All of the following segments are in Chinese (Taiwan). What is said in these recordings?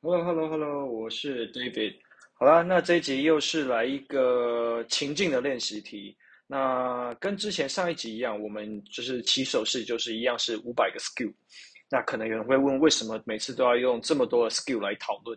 Hello, hello, hello，我是 David。好啦，那這一集又是來一個情境的練習題。那跟之前上一集一樣，我們就是起手式就是一樣是五百個 SKU。那可能有人會問，為什麼每次都要用這麼多的 SKU 來討論？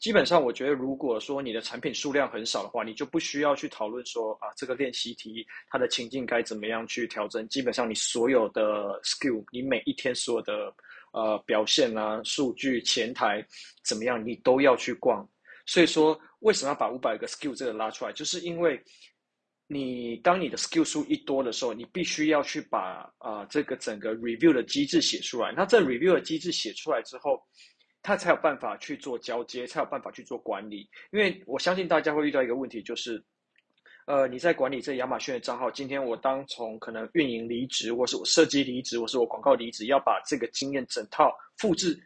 基本上，我覺得如果說你的產品數量很少的話，你就不需要去討論說啊，這個練習題它的情境該怎麼樣去調整。基本上，你所有的 SKU，你每一天所有的。呃，表現啊，數據前台怎麼樣，你都要去逛。所以說，為什麼要把五百個 SKU 這個拉出來？就是因為，你當你的 SKU 數一多的時候，你必須要去把啊、呃、這個整個 review 的機制寫出來。那這 review 的機制寫出來之後，它才有辦法去做交接，才有辦法去做管理。因為我相信大家會遇到一個問題，就是。呃，你在管理這亞馬遜的賬號，今天我當從可能運營離職，或是我設計離職，或是我廣告離職，要把這個經驗整套複製，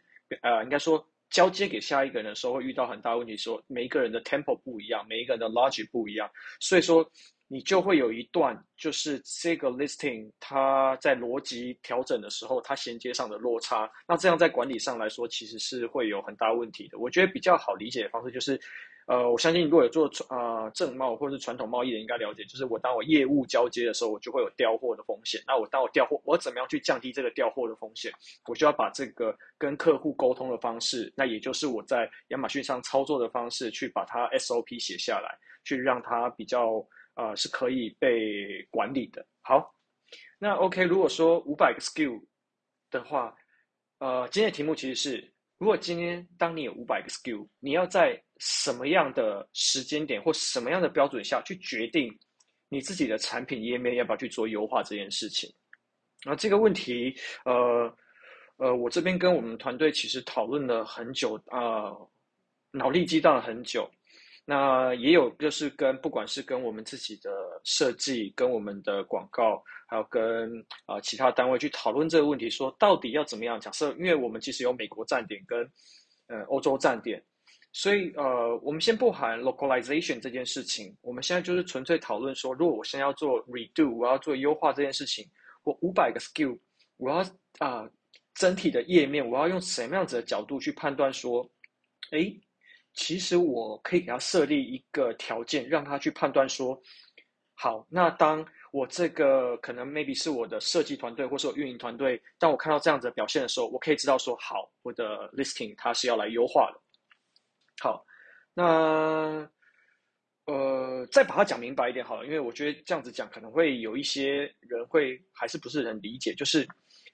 呃，應該說交接給下一個人的時候，會遇到很大問題，說每一個人的 tempo 不一樣，每一個人的 logic 不一樣，所以說。你就會有一段，就是這個 listing 它在邏輯調整的時候，它銜接上的落差。那這樣在管理上來說，其實是會有很大問題的。我覺得比較好理解的方式就是，呃，我相信如果有做呃正貿或者是傳統貿易的，應該了解，就是我當我業務交接的時候，我就會有調貨的風險。那我當我調貨，我怎麼樣去降低這個調貨的風險？我就要把這個跟客戶溝通的方式，那也就是我在亞馬遜上操作的方式，去把它 SOP 寫下來，去讓它比較。呃，是可以被管理的。好，那 OK，如果說五百個 SKU 的話，呃，今天的題目其實是，如果今天當你有五百個 SKU，你要在什麼樣的時間點或什麼樣的標準下去決定你自己的產品頁面要不要去做優化這件事情？那，呃，這個問題，呃呃，我這邊跟我們團隊其實討論了很久，呃，腦力激盪了很久。那也有，就是跟不管是跟我們自己的設計，跟我們的廣告，還有跟啊、呃、其他單位去討論這個問題，說到底要怎麼樣？假設因為我們其實有美國站點跟呃歐洲站點，所以呃我們先不談 localization 這件事情，我們現在就是純粹討論說，如果我現在要做 redo，我要做優化這件事情，我五百個 SKU，我要啊、呃、整體的頁面，我要用什麼樣子的角度去判斷說，誒。其實我可以給他設立一個條件，讓他去判斷說，好，那當我這個可能 maybe 是我的設計團隊或是我運營團隊，當我看到這樣子的表現的時候，我可以知道說，好，我的 listing 他是要來優化的。好，那呃，再把它講明白一點好了，因為我覺得這樣子講可能會有一些人會還是不是很理解，就是。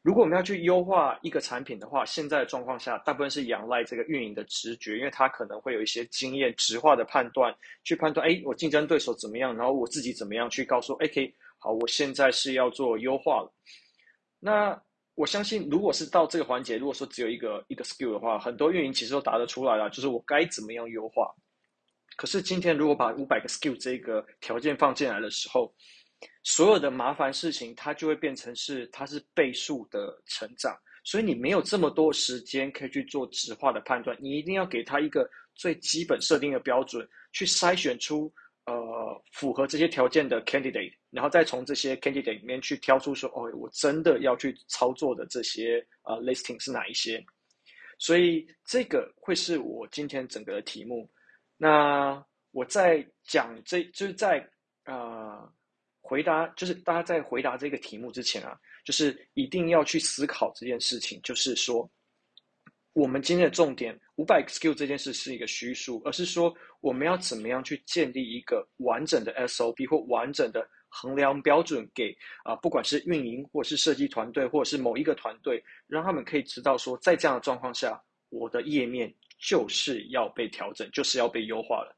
如果我們要去優化一個產品的話，現在的狀況下，大部分是仰賴這個運營的直覺，因為它可能會有一些經驗直化的判斷，去判斷，哎，我競爭對手怎麼樣，然後我自己怎麼樣去告訴，OK，好，我現在是要做優化了。那我相信，如果是到這個環節，如果說只有一個一個 skill 的話，很多運營其實都答得出來了，就是我該怎麼樣優化。可是今天如果把五百個 skill 這個條件放進來的時候，所有的麻煩事情，它就會變成是它是倍數的成長，所以你沒有這麼多時間可以去做質化的判斷，你一定要給他一個最基本設定的標準，去篩選出呃符合這些條件的 candidate，然後再從這些 candidate 裡面去挑出說，哦，我真的要去操作的這些呃 listing 是哪一些，所以這個會是我今天整個的題目，那我在講這就是在啊。呃回答就是大家在回答這個題目之前啊，就是一定要去思考這件事情。就是說，我們今天的重點，五百 xq 這件事是一個虛數，而是說我們要怎麼樣去建立一個完整的 SOP 或完整的衡量標準給啊、呃，不管是運營或者是設計團隊，或者是某一個團隊，讓他們可以知道說，在這樣的狀況下，我的頁面就是要被調整，就是要被優化了。